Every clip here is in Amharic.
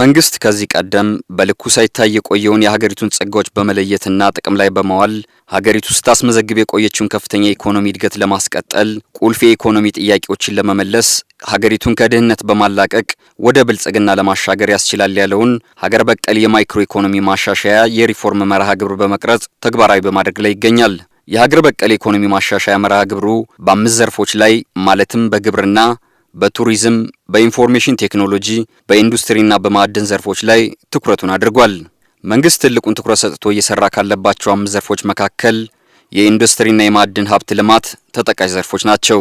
መንግስት ከዚህ ቀደም በልኩ ሳይታይ የቆየውን የሀገሪቱን ጸጋዎች በመለየትና ጥቅም ላይ በመዋል ሀገሪቱ ስታስመዘግብ የቆየችውን ከፍተኛ የኢኮኖሚ እድገት ለማስቀጠል ቁልፍ የኢኮኖሚ ጥያቄዎችን ለመመለስ ሀገሪቱን ከድህነት በማላቀቅ ወደ ብልጽግና ለማሻገር ያስችላል ያለውን ሀገር በቀል የማይክሮ ኢኮኖሚ ማሻሻያ የሪፎርም መርሃ ግብር በመቅረጽ ተግባራዊ በማድረግ ላይ ይገኛል። የሀገር በቀል ኢኮኖሚ ማሻሻያ መርሃ ግብሩ በአምስት ዘርፎች ላይ ማለትም በግብርና፣ በቱሪዝም፣ በኢንፎርሜሽን ቴክኖሎጂ፣ በኢንዱስትሪና በማዕድን ዘርፎች ላይ ትኩረቱን አድርጓል። መንግስት ትልቁን ትኩረት ሰጥቶ እየሰራ ካለባቸው አምስት ዘርፎች መካከል የኢንዱስትሪና የማዕድን ሀብት ልማት ተጠቃሽ ዘርፎች ናቸው።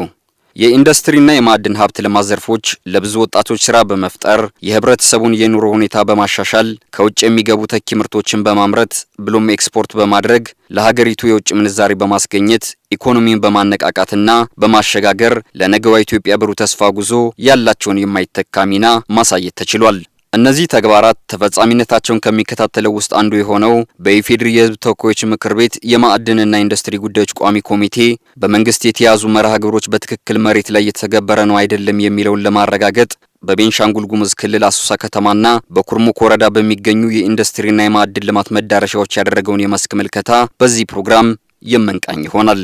የኢንዱስትሪና የማዕድን ሀብት ልማት ዘርፎች ለብዙ ወጣቶች ስራ በመፍጠር የህብረተሰቡን የኑሮ ሁኔታ በማሻሻል ከውጭ የሚገቡ ተኪ ምርቶችን በማምረት ብሎም ኤክስፖርት በማድረግ ለሀገሪቱ የውጭ ምንዛሪ በማስገኘት ኢኮኖሚን በማነቃቃትና በማሸጋገር ለነገዋ ኢትዮጵያ ብሩህ ተስፋ ጉዞ ያላቸውን የማይተካ ሚና ማሳየት ተችሏል። እነዚህ ተግባራት ተፈጻሚነታቸውን ከሚከታተለው ውስጥ አንዱ የሆነው በኢፌዴሪ የህዝብ ተወካዮች ምክር ቤት የማዕድንና ኢንዱስትሪ ጉዳዮች ቋሚ ኮሚቴ በመንግስት የተያዙ መርሃ ግብሮች በትክክል መሬት ላይ የተገበረ ነው አይደለም የሚለውን ለማረጋገጥ በቤንሻንጉል ጉሙዝ ክልል አሶሳ ከተማና በኩርሙክ ወረዳ በሚገኙ የኢንዱስትሪና የማዕድን ልማት መዳረሻዎች ያደረገውን የመስክ ምልከታ በዚህ ፕሮግራም የምንቃኝ ይሆናል።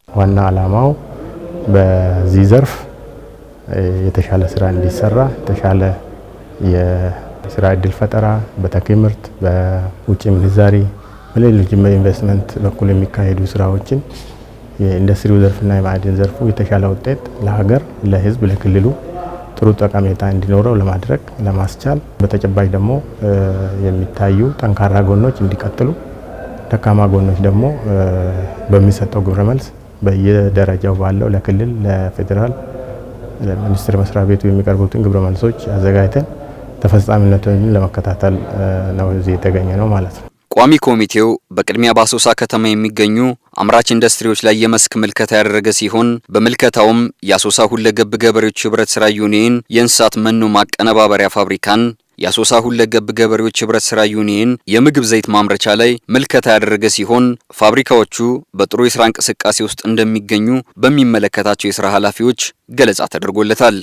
ዋና ዓላማው በዚህ ዘርፍ የተሻለ ስራ እንዲሰራ የተሻለ የስራ እድል ፈጠራ በተኪ ምርት በውጭ ምንዛሪ፣ በሌሎችም በኢንቨስትመንት በኩል የሚካሄዱ ስራዎችን የኢንዱስትሪው ዘርፍና የማዕድን ዘርፉ የተሻለ ውጤት ለሀገር፣ ለህዝብ፣ ለክልሉ ጥሩ ጠቀሜታ እንዲኖረው ለማድረግ ለማስቻል በተጨባጭ ደግሞ የሚታዩ ጠንካራ ጎኖች እንዲቀጥሉ ደካማ ጎኖች ደግሞ በሚሰጠው ግብረ መልስ በየደረጃው ባለው ለክልል፣ ለፌዴራል ሚኒስቴር መስሪያ ቤቱ የሚቀርቡትን ግብረ መልሶች አዘጋጅተን ተፈጻሚነቱን ለመከታተል ነው እዚህ የተገኘ ነው ማለት ነው። ቋሚ ኮሚቴው በቅድሚያ በአሶሳ ከተማ የሚገኙ አምራች ኢንዱስትሪዎች ላይ የመስክ ምልከታ ያደረገ ሲሆን በምልከታውም የአሶሳ ሁለገብ ገበሬዎች ህብረት ስራ ዩኒየን የእንስሳት መኖ ማቀነባበሪያ ፋብሪካን የአሶሳ ሁለገብ ገበሬዎች ህብረት ስራ ዩኒየን የምግብ ዘይት ማምረቻ ላይ ምልከታ ያደረገ ሲሆን ፋብሪካዎቹ በጥሩ የስራ እንቅስቃሴ ውስጥ እንደሚገኙ በሚመለከታቸው የስራ ኃላፊዎች ገለጻ ተደርጎለታል።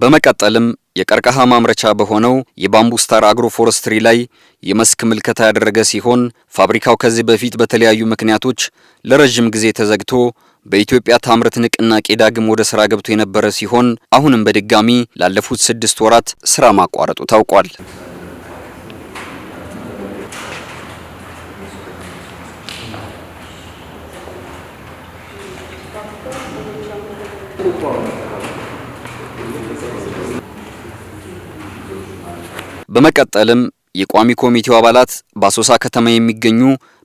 በመቀጠልም የቀርከሃ ማምረቻ በሆነው የባምቡስታር አግሮ ፎረስትሪ ላይ የመስክ ምልከታ ያደረገ ሲሆን ፋብሪካው ከዚህ በፊት በተለያዩ ምክንያቶች ለረዥም ጊዜ ተዘግቶ በኢትዮጵያ ታምረት ንቅናቄ ዳግም ወደ ስራ ገብቶ የነበረ ሲሆን አሁንም በድጋሚ ላለፉት ስድስት ወራት ስራ ማቋረጡ ታውቋል። በመቀጠልም የቋሚ ኮሚቴው አባላት በአሶሳ ከተማ የሚገኙ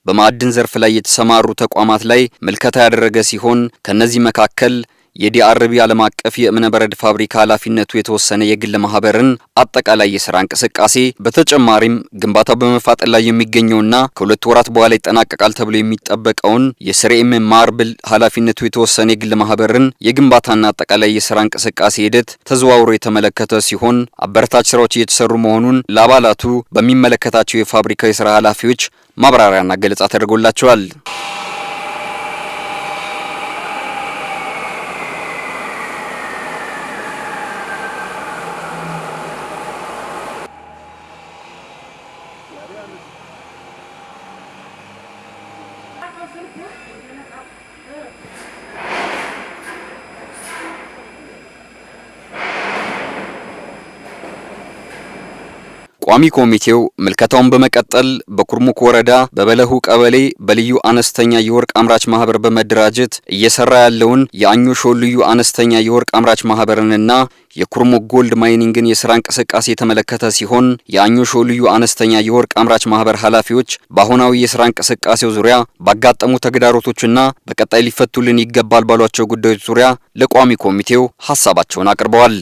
በማዕድን ዘርፍ ላይ የተሰማሩ ተቋማት ላይ ምልከታ ያደረገ ሲሆን ከነዚህ መካከል የዲአርቢ ዓለም አቀፍ የእብነበረድ በረድ ፋብሪካ ኃላፊነቱ የተወሰነ የግል ማህበርን አጠቃላይ የስራ እንቅስቃሴ በተጨማሪም ግንባታው በመፋጠን ላይ የሚገኘውና ከሁለት ወራት በኋላ ይጠናቀቃል ተብሎ የሚጠበቀውን የስሬም ማርብል ኃላፊነቱ የተወሰነ የግል ማህበርን የግንባታና አጠቃላይ የስራ እንቅስቃሴ ሂደት ተዘዋውሮ የተመለከተ ሲሆን አበረታች ስራዎች እየተሰሩ መሆኑን ለአባላቱ በሚመለከታቸው የፋብሪካው የስራ ኃላፊዎች ማብራሪያና ገለጻ ተደርጎላቸዋል። ቋሚ ኮሚቴው ምልከታውን በመቀጠል በኩርሙክ ወረዳ በበለሁ ቀበሌ በልዩ አነስተኛ የወርቅ አምራች ማህበር በመደራጀት እየሰራ ያለውን የአኞሾ ልዩ አነስተኛ የወርቅ አምራች ማህበርንና የኩርሙክ ጎልድ ማይኒንግን የስራ እንቅስቃሴ የተመለከተ ሲሆን የአኞሾ ልዩ አነስተኛ የወርቅ አምራች ማህበር ኃላፊዎች በአሁናዊ የስራ እንቅስቃሴው ዙሪያ ባጋጠሙ ተግዳሮቶችና በቀጣይ ሊፈቱልን ይገባል ባሏቸው ጉዳዮች ዙሪያ ለቋሚ ኮሚቴው ሀሳባቸውን አቅርበዋል።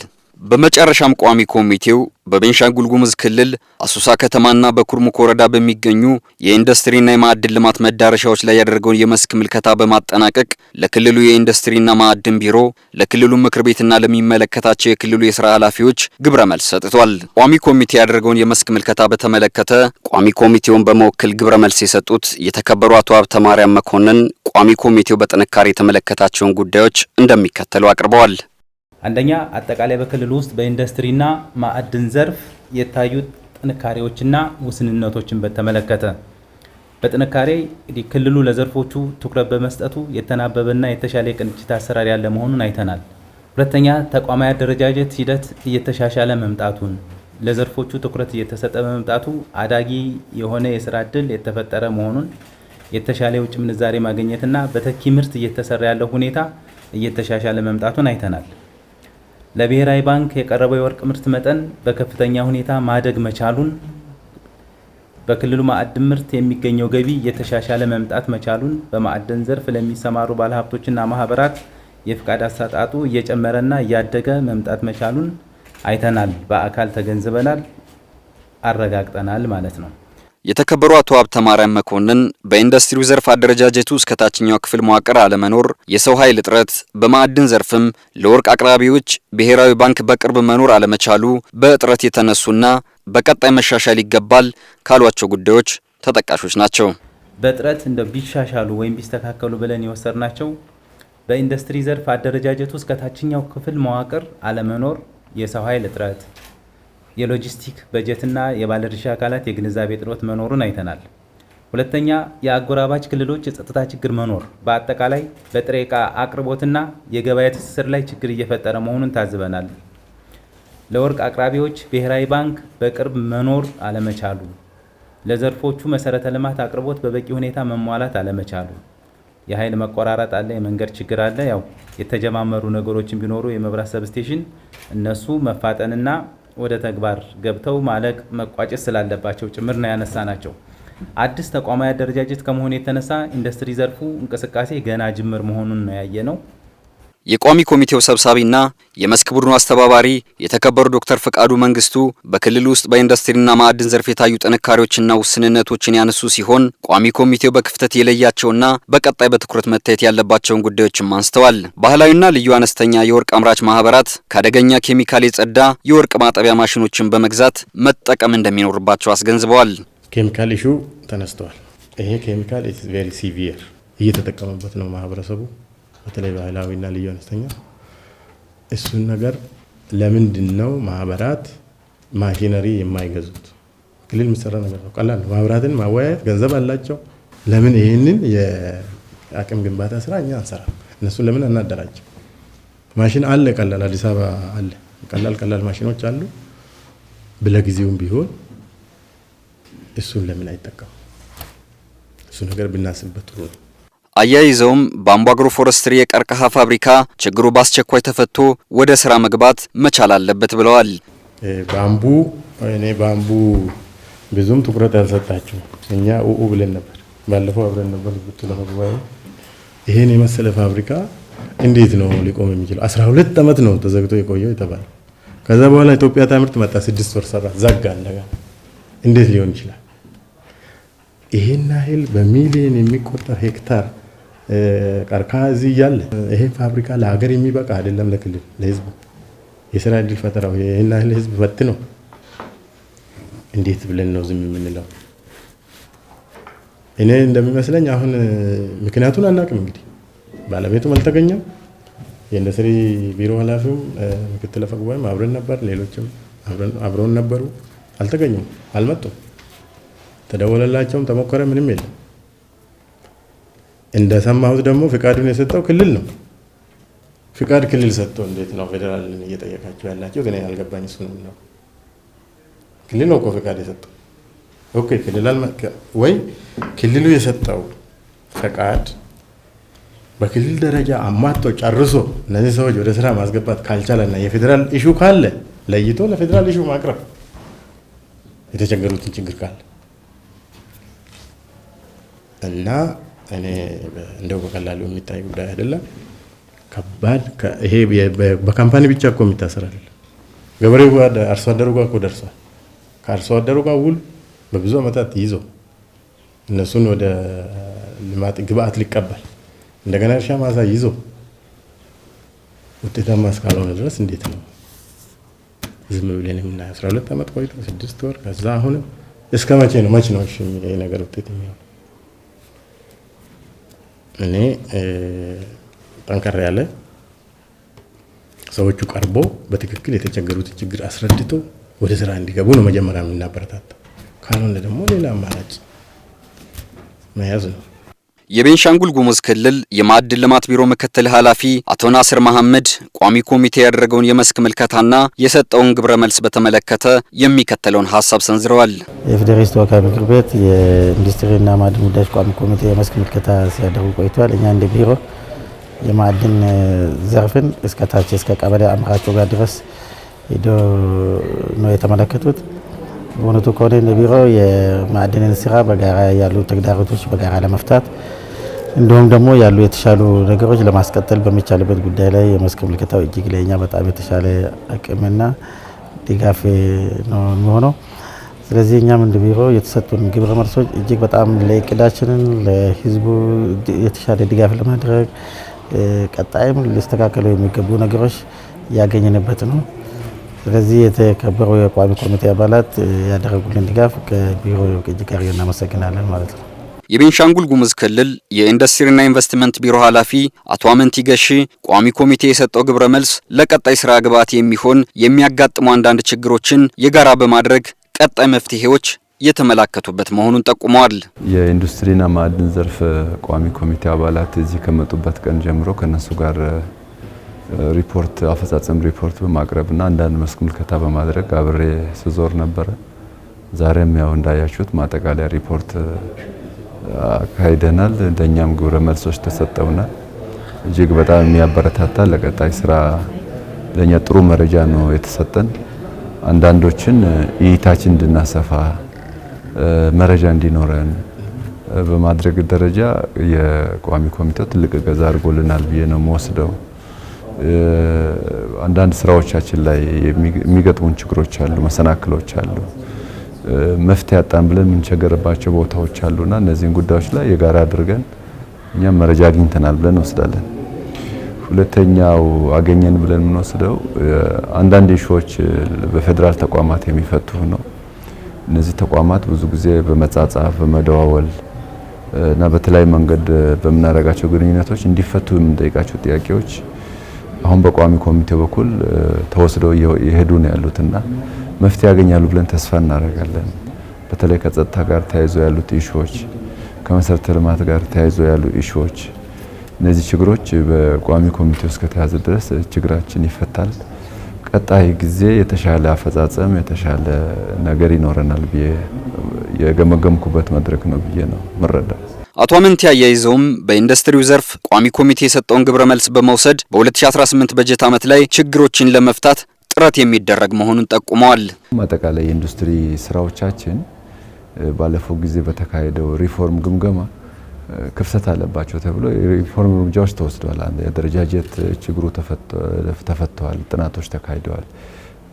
በመጨረሻም ቋሚ ኮሚቴው በቤንሻንጉል ጉሙዝ ክልል አሶሳ ከተማና በኩርሙክ ወረዳ በሚገኙ የኢንዱስትሪና የማዕድን ልማት መዳረሻዎች ላይ ያደረገውን የመስክ ምልከታ በማጠናቀቅ ለክልሉ የኢንዱስትሪና ማዕድን ቢሮ፣ ለክልሉ ምክር ቤትና ለሚመለከታቸው የክልሉ የስራ ኃላፊዎች ግብረ መልስ ሰጥቷል። ቋሚ ኮሚቴ ያደረገውን የመስክ ምልከታ በተመለከተ ቋሚ ኮሚቴውን በመወከል ግብረ መልስ የሰጡት የተከበሩ አቶ ሀብተማርያም መኮንን ቋሚ ኮሚቴው በጥንካሬ የተመለከታቸውን ጉዳዮች እንደሚከተሉ አቅርበዋል። አንደኛ አጠቃላይ በክልል ውስጥ በኢንዱስትሪና ማዕድን ዘርፍ የታዩ ጥንካሬዎችና ውስንነቶችን በተመለከተ በጥንካሬ እንግዲህ ክልሉ ለዘርፎቹ ትኩረት በመስጠቱ የተናበበና የተሻለ የቅንጅት አሰራር ያለ መሆኑን አይተናል። ሁለተኛ ተቋማዊ አደረጃጀት ሂደት እየተሻሻለ መምጣቱን ለዘርፎቹ ትኩረት እየተሰጠ በመምጣቱ አዳጊ የሆነ የስራ እድል የተፈጠረ መሆኑን የተሻለ የውጭ ምንዛሬ ማግኘትና በተኪ ምርት እየተሰራ ያለው ሁኔታ እየተሻሻለ መምጣቱን አይተናል። ለብሔራዊ ባንክ የቀረበው የወርቅ ምርት መጠን በከፍተኛ ሁኔታ ማደግ መቻሉን፣ በክልሉ ማዕድን ምርት የሚገኘው ገቢ እየተሻሻለ መምጣት መቻሉን፣ በማዕድን ዘርፍ ለሚሰማሩ ባለሀብቶችና ማህበራት የፍቃድ አሰጣጡ እየጨመረና እያደገ መምጣት መቻሉን አይተናል፣ በአካል ተገንዝበናል፣ አረጋግጠናል ማለት ነው። የተከበሩ አቶ ሀብተ ማርያም መኮንን በኢንዱስትሪው ዘርፍ አደረጃጀቱ እስከ ታችኛው ክፍል መዋቅር አለመኖር፣ የሰው ኃይል እጥረት፣ በማዕድን ዘርፍም ለወርቅ አቅራቢዎች ብሔራዊ ባንክ በቅርብ መኖር አለመቻሉ በእጥረት የተነሱና በቀጣይ መሻሻል ይገባል ካሏቸው ጉዳዮች ተጠቃሾች ናቸው። በጥረት እንደ ቢሻሻሉ ወይም ቢስተካከሉ ብለን የወሰድናቸው በኢንዱስትሪ ዘርፍ አደረጃጀቱ እስከ ታችኛው ክፍል መዋቅር አለመኖር፣ የሰው ኃይል እጥረት የሎጂስቲክ በጀትና የባለድርሻ አካላት የግንዛቤ እጥረት መኖሩን አይተናል። ሁለተኛ የአጎራባች ክልሎች የጸጥታ ችግር መኖር በአጠቃላይ በጥሬ ዕቃ አቅርቦትና የገበያ ትስስር ላይ ችግር እየፈጠረ መሆኑን ታዝበናል። ለወርቅ አቅራቢዎች ብሔራዊ ባንክ በቅርብ መኖር አለመቻሉ፣ ለዘርፎቹ መሰረተ ልማት አቅርቦት በበቂ ሁኔታ መሟላት አለመቻሉ፣ የኃይል መቆራረጥ አለ፣ የመንገድ ችግር አለ። ያው የተጀማመሩ ነገሮችን ቢኖሩ የመብራት ሰብስቴሽን እነሱ መፋጠንና ወደ ተግባር ገብተው ማለቅ መቋጨት ስላለባቸው ጭምር ነው ናቸው አዲስ ተቋማዊ አደረጃጀት ከመሆኑ የተነሳ ኢንዱስትሪ ዘርፉ እንቅስቃሴ ገና ጅምር መሆኑን ነው ያየ ነው። የቋሚ ኮሚቴው ሰብሳቢና የመስክ ቡድኑ አስተባባሪ የተከበሩ ዶክተር ፍቃዱ መንግስቱ በክልል ውስጥ በኢንዱስትሪና ማዕድን ዘርፍ የታዩ ጥንካሬዎችና ውስንነቶችን ያነሱ ሲሆን ቋሚ ኮሚቴው በክፍተት የለያቸውና በቀጣይ በትኩረት መታየት ያለባቸውን ጉዳዮችም አንስተዋል። ባህላዊና ልዩ አነስተኛ የወርቅ አምራች ማህበራት ከአደገኛ ኬሚካል የጸዳ የወርቅ ማጠቢያ ማሽኖችን በመግዛት መጠቀም እንደሚኖርባቸው አስገንዝበዋል። ኬሚካል ኢሹ ተነስተዋል። ይሄ ኬሚካል ኢዝ ቬሪ ሲቪየር እየተጠቀመበት ነው ማህበረሰቡ በተለይ ባህላዊና ልዩ አነስተኛ እሱን ነገር ለምንድን ነው ማህበራት ማሽነሪ የማይገዙት? ክልል የሚሰራ ነገር ነው። ቀላል ማህበራትን ማወያየት፣ ገንዘብ አላቸው። ለምን ይህንን የአቅም ግንባታ ስራ እኛ አንሰራ? እነሱን ለምን አናደራቸው? ማሽን አለ፣ ቀላል አዲስ አበባ አለ፣ ቀላል ቀላል ማሽኖች አሉ። ብለጊዜውም ቢሆን እሱን ለምን አይጠቀሙ? እሱ ነገር ብናስብበት ጥሩ ነው። አያይዘውም በአምቦ አግሮ ፎረስትሪ የቀርከሃ ፋብሪካ ችግሩ በአስቸኳይ ተፈቶ ወደ ስራ መግባት መቻል አለበት ብለዋል። ባምቡ እኔ ባምቡ ብዙም ትኩረት ያልሰጣቸው እኛ ኡኡ ብለን ነበር። ባለፈው አብረን ነበር ጉቱ ለመግባዩ ይሄን የመሰለ ፋብሪካ እንዴት ነው ሊቆም የሚችለው? 12 ዓመት ነው ተዘግቶ የቆየው የተባለ። ከዛ በኋላ ኢትዮጵያ ታምርት መጣ፣ ስድስት ወር ሰራ፣ ዘጋ እንደገና። እንዴት ሊሆን ይችላል? ይሄን ያህል በሚሊዮን የሚቆጠር ሄክታር ቀርከሃ እዚህ እያለ ይሄ ፋብሪካ ለሀገር የሚበቃ አይደለም። ለክልል ለህዝብ የስራ እድል ፈጠራው ይህን ህዝብ በት ነው። እንዴት ብለን ነው ዝም የምንለው? እኔ እንደሚመስለኝ አሁን ምክንያቱን አናቅም። እንግዲህ ባለቤቱም አልተገኘም። የኢንዱስትሪ ቢሮ ኃላፊውም ምክትል አፈ ጉባኤም አብረን ነበር፣ ሌሎችም አብረውን ነበሩ። አልተገኙም፣ አልመጡም። ተደወለላቸውም፣ ተሞከረ፣ ምንም የለም። እንደሰማሁት ደግሞ ፍቃዱን የሰጠው ክልል ነው። ፍቃድ ክልል ሰጥቶ እንዴት ነው ፌዴራልን እየጠየቃቸው ያላቸው? ግን ያልገባኝ እሱ ነው። ክልል ነው እኮ ፍቃድ የሰጠው ኦኬ። ክልል ወይ ክልሉ የሰጠው ፍቃድ በክልል ደረጃ አሟጦ ጨርሶ እነዚህ ሰዎች ወደ ስራ ማስገባት ካልቻለና የፌዴራል ኢሹ ካለ ለይቶ ለፌዴራል ኢሹ ማቅረብ የተቸገሩትን ችግር ካለ እና እኔ እንደው በቀላሉ የሚታይ ጉዳይ አይደለም። ከባድ ይሄ በካምፓኒ ብቻ እኮ የሚታሰር አይደለም። ገበሬው ጋር አርሶ አደሩ ጋር እኮ ደርሷል። ከአርሶ አደሩ ጋር ውል በብዙ ዓመታት ይዞ እነሱን ወደ ልማት ግብአት ሊቀበል እንደገና እርሻ ማሳ ይዞ ውጤታማ እስካልሆነ ድረስ እንዴት ነው ዝም ብለን የምናየው? አስራ ሁለት ዓመት ቆይቶ ስድስት ወር ከዛ አሁንም እስከ መቼ ነው መች ነው ነገር ውጤት የሚሆነው? እኔ ጠንከር ያለ ሰዎቹ ቀርቦ በትክክል የተቸገሩትን ችግር አስረድቶ ወደ ስራ እንዲገቡ ነው መጀመሪያ የምናበረታታ። ካልሆነ ደግሞ ሌላ አማራጭ መያዝ ነው። የቤንሻንጉል ጉሙዝ ክልል የማዕድን ልማት ቢሮ ምክትል ኃላፊ አቶ ናስር መሐመድ ቋሚ ኮሚቴ ያደረገውን የመስክ ምልከታና የሰጠውን ግብረ መልስ በተመለከተ የሚከተለውን ሀሳብ ሰንዝረዋል። የፌዴሬሽን ተወካይ ምክር ቤት የኢንዱስትሪና ማዕድን ጉዳዮች ቋሚ ኮሚቴ የመስክ ምልከታ ሲያደርጉ ቆይተዋል። እኛ እንደ ቢሮ የማዕድን ዘርፍን እስከ ታች እስከ ቀበሌ አምራቸው ጋር ድረስ ሄዶ ነው የተመለከቱት። በእውነቱ ከሆነ እንደ ቢሮ የማዕድንን ስራ በጋራ ያሉ ተግዳሮቶች በጋራ ለመፍታት እንዲሁም ደግሞ ያሉ የተሻሉ ነገሮች ለማስቀጠል በሚቻልበት ጉዳይ ላይ የመስክ ምልከታው እጅግ ለኛ በጣም የተሻለ አቅምና ድጋፍ ነው የሚሆነው። ስለዚህ እኛም እንደ ቢሮ የተሰጡን ግብረ መልሶች እጅግ በጣም ለእቅዳችንን ለህዝቡ የተሻለ ድጋፍ ለማድረግ ቀጣይም ሊስተካከሉ የሚገቡ ነገሮች እያገኘንበት ነው። ስለዚህ የተከበረው የቋሚ ኮሚቴ አባላት ያደረጉልን ድጋፍ ከቢሮ ቅጅ ጋር እናመሰግናለን ማለት ነው። የቤንሻንጉል ጉሙዝ ክልል የኢንዱስትሪና ኢንቨስትመንት ቢሮ ኃላፊ አቶ አመንቲ ገሺ ቋሚ ኮሚቴ የሰጠው ግብረ መልስ ለቀጣይ ስራ ግብዓት የሚሆን የሚያጋጥሙ አንዳንድ ችግሮችን የጋራ በማድረግ ቀጣይ መፍትሄዎች የተመላከቱበት መሆኑን ጠቁመዋል። የኢንዱስትሪና ማዕድን ዘርፍ ቋሚ ኮሚቴ አባላት እዚህ ከመጡበት ቀን ጀምሮ ከነሱ ጋር ሪፖርት አፈጻጸም ሪፖርት በማቅረብና አንዳንድ መስክ ምልከታ በማድረግ አብሬ ስዞር ነበረ። ዛሬም ያው እንዳያችሁት ማጠቃለያ ሪፖርት አካሂደናል። እንደኛም ግብረ መልሶች ተሰጠውናል። እጅግ በጣም የሚያበረታታ ለቀጣይ ስራ ለእኛ ጥሩ መረጃ ነው የተሰጠን። አንዳንዶችን እይታችን እንድናሰፋ መረጃ እንዲኖረን በማድረግ ደረጃ የቋሚ ኮሚቴው ትልቅ እገዛ አድርጎልናል ብዬ ነው የምወስደው። አንዳንድ ስራዎቻችን ላይ የሚገጥሙን ችግሮች አሉ፣ መሰናክሎች አሉ። መፍትሄ አጣን ብለን የምንቸገርባቸው ቦታዎች አሉና እነዚህን ጉዳዮች ላይ የጋራ አድርገን እኛም መረጃ አግኝተናል ብለን እንወስዳለን። ሁለተኛው አገኘን ብለን የምንወስደው አንዳንድ ኢሹዎች በፌዴራል ተቋማት የሚፈቱ ነው። እነዚህ ተቋማት ብዙ ጊዜ በመጻጻፍ በመደዋወል እና በተለያዩ መንገድ በምናደርጋቸው ግንኙነቶች እንዲፈቱ የምንጠይቃቸው ጥያቄዎች አሁን በቋሚ ኮሚቴ በኩል ተወስደው የሄዱ ነው ያሉትና መፍትሄ ያገኛሉ ብለን ተስፋ እናደርጋለን። በተለይ ከጸጥታ ጋር ተያይዞ ያሉት ኢሹዎች፣ ከመሰረተ ልማት ጋር ተያይዞ ያሉ ኢሹዎች፣ እነዚህ ችግሮች በቋሚ ኮሚቴ ውስጥ ድረስ ችግራችን ይፈታል። ቀጣይ ጊዜ የተሻለ አፈጻጸም የተሻለ ነገር ይኖረናል ብዬ የገመገምኩበት መድረክ ነው ብዬ ነው ምረዳ። አቶ አመንቲ አያይዘውም በኢንዱስትሪው ዘርፍ ቋሚ ኮሚቴ የሰጠውን ግብረ መልስ በመውሰድ በ2018 በጀት ዓመት ላይ ችግሮችን ለመፍታት ጥረት የሚደረግ መሆኑን ጠቁመዋል። አጠቃላይ የኢንዱስትሪ ስራዎቻችን ባለፈው ጊዜ በተካሄደው ሪፎርም ግምገማ ክፍተት አለባቸው ተብሎ የሪፎርም እርምጃዎች ተወስደዋል። የአደረጃጀት ችግሩ ተፈተዋል፣ ጥናቶች ተካሂደዋል።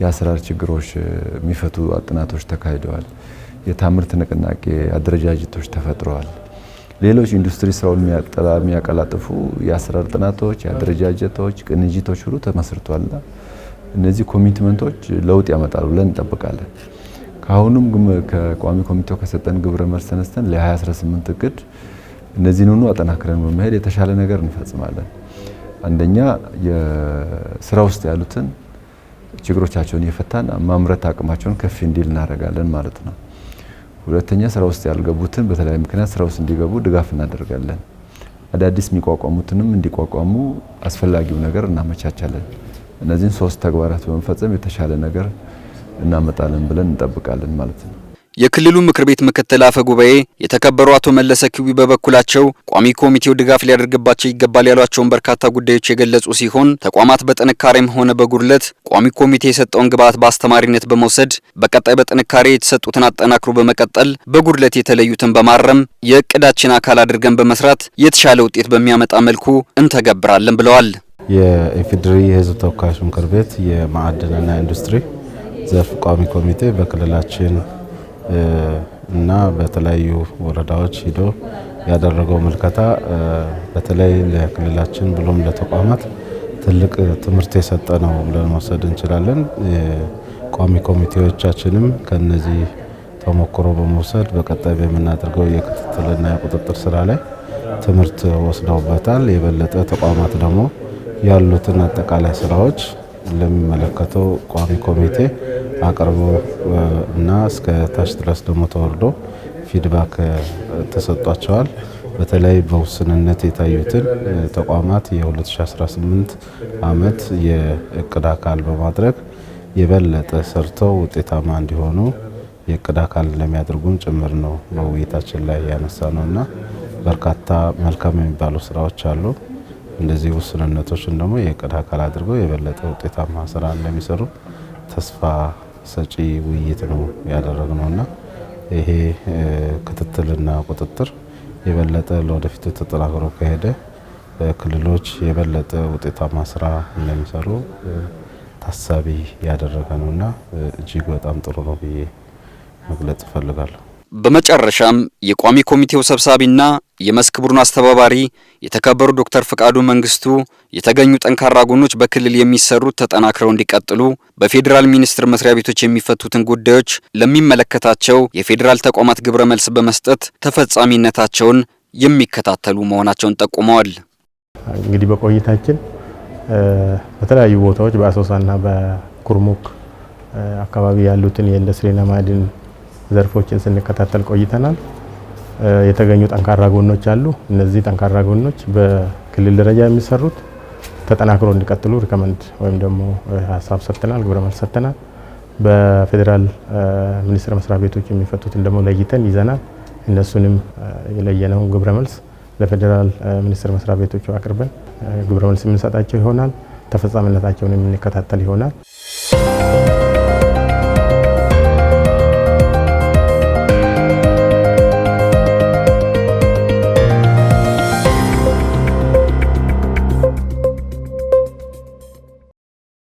የአሰራር ችግሮች የሚፈቱ ጥናቶች ተካሂደዋል። የታምርት ንቅናቄ አደረጃጀቶች ተፈጥረዋል። ሌሎች ኢንዱስትሪ ስራውን የሚያቀላጥፉ የአሰራር ጥናቶች፣ የአደረጃጀቶች፣ ቅንጅቶች ሁሉ ተመስርቷልና እነዚህ ኮሚትመንቶች ለውጥ ያመጣሉ ብለን እንጠብቃለን። ከአሁኑም ከቋሚ ኮሚቴው ከሰጠን ግብረ መልስ ተነስተን ለ2018 እቅድ እነዚህን ሁሉ አጠናክረን በመሄድ የተሻለ ነገር እንፈጽማለን። አንደኛ የስራ ውስጥ ያሉትን ችግሮቻቸውን እየፈታን ማምረት አቅማቸውን ከፍ እንዲል እናደርጋለን ማለት ነው። ሁለተኛ ስራ ውስጥ ያልገቡትን በተለያዩ ምክንያት ስራ ውስጥ እንዲገቡ ድጋፍ እናደርጋለን። አዳዲስ የሚቋቋሙትንም እንዲቋቋሙ አስፈላጊው ነገር እናመቻቻለን። እነዚህን ሶስት ተግባራት በመፈጸም የተሻለ ነገር እናመጣለን ብለን እንጠብቃለን ማለት ነው። የክልሉ ምክር ቤት ምክትል አፈ ጉባኤ የተከበሩ አቶ መለሰ ኪዊ በበኩላቸው ቋሚ ኮሚቴው ድጋፍ ሊያደርግባቸው ይገባል ያሏቸውን በርካታ ጉዳዮች የገለጹ ሲሆን ተቋማት በጥንካሬም ሆነ በጉድለት ቋሚ ኮሚቴ የሰጠውን ግብዓት በአስተማሪነት በመውሰድ በቀጣይ በጥንካሬ የተሰጡትን አጠናክሮ በመቀጠል በጉድለት የተለዩትን በማረም የእቅዳችን አካል አድርገን በመስራት የተሻለ ውጤት በሚያመጣ መልኩ እንተገብራለን ብለዋል። የኢፌዴሪ ህዝብ ተወካዮች ምክር ቤት የማዕድንና ኢንዱስትሪ ዘርፍ ቋሚ ኮሚቴ በክልላችን እና በተለያዩ ወረዳዎች ሂዶ ያደረገው ምልከታ በተለይ ለክልላችን ብሎም ለተቋማት ትልቅ ትምህርት የሰጠ ነው ብለን መውሰድ እንችላለን። ቋሚ ኮሚቴዎቻችንም ከነዚህ ተሞክሮ በመውሰድ በቀጣይ በምናደርገው የክትትልና የቁጥጥር ስራ ላይ ትምህርት ወስደውበታል። የበለጠ ተቋማት ደግሞ ያሉትን አጠቃላይ ስራዎች ለሚመለከተው ቋሚ ኮሚቴ አቅርቦ እና እስከ ታች ድረስ ደግሞ ተወርዶ ፊድባክ ተሰጧቸዋል። በተለይ በውስንነት የታዩትን ተቋማት የ2018 ዓመት የእቅድ አካል በማድረግ የበለጠ ሰርተው ውጤታማ እንዲሆኑ የእቅድ አካል እንደሚያደርጉም ጭምር ነው በውይይታችን ላይ ያነሳ እና በርካታ መልካም የሚባሉ ስራዎች አሉ። እንደዚህ ውስንነቶችን ደግሞ የእቅድ አካል አድርገው የበለጠ ውጤታማ ስራ እንደሚሰሩ ተስፋ ሰጪ ውይይት ነው ያደረግነው እና ይሄ ክትትልና ቁጥጥር የበለጠ ለወደፊቱ ተጠናክሮ ከሄደ ክልሎች የበለጠ ውጤታማ ስራ እንደሚሰሩ ታሳቢ ያደረገ ነው እና እጅግ በጣም ጥሩ ነው ብዬ መግለጽ እፈልጋለሁ። በመጨረሻም የቋሚ ኮሚቴው ሰብሳቢና የመስክ ቡድኑ አስተባባሪ የተከበሩ ዶክተር ፍቃዱ መንግስቱ የተገኙ ጠንካራ ጎኖች በክልል የሚሰሩት ተጠናክረው እንዲቀጥሉ በፌዴራል ሚኒስቴር መስሪያ ቤቶች የሚፈቱትን ጉዳዮች ለሚመለከታቸው የፌዴራል ተቋማት ግብረ መልስ በመስጠት ተፈጻሚነታቸውን የሚከታተሉ መሆናቸውን ጠቁመዋል። እንግዲህ በቆይታችን በተለያዩ ቦታዎች በአሶሳና በኩርሙክ አካባቢ ያሉትን የኢንዱስትሪና ማዕድን ዘርፎችን ስንከታተል ቆይተናል። የተገኙ ጠንካራ ጎኖች አሉ። እነዚህ ጠንካራ ጎኖች በክልል ደረጃ የሚሰሩት ተጠናክሮ እንዲቀጥሉ ሪከመንድ ወይም ደግሞ ሀሳብ ሰጥተናል፣ ግብረ መልስ ሰጥተናል። በፌዴራል ሚኒስቴር መስሪያ ቤቶች የሚፈቱትን ደግሞ ለይተን ይዘናል። እነሱንም የለየነው ግብረ መልስ ለፌዴራል ሚኒስቴር መስሪያ ቤቶች አቅርበን ግብረ መልስ የምንሰጣቸው ይሆናል። ተፈጻሚነታቸውን የምንከታተል ይሆናል።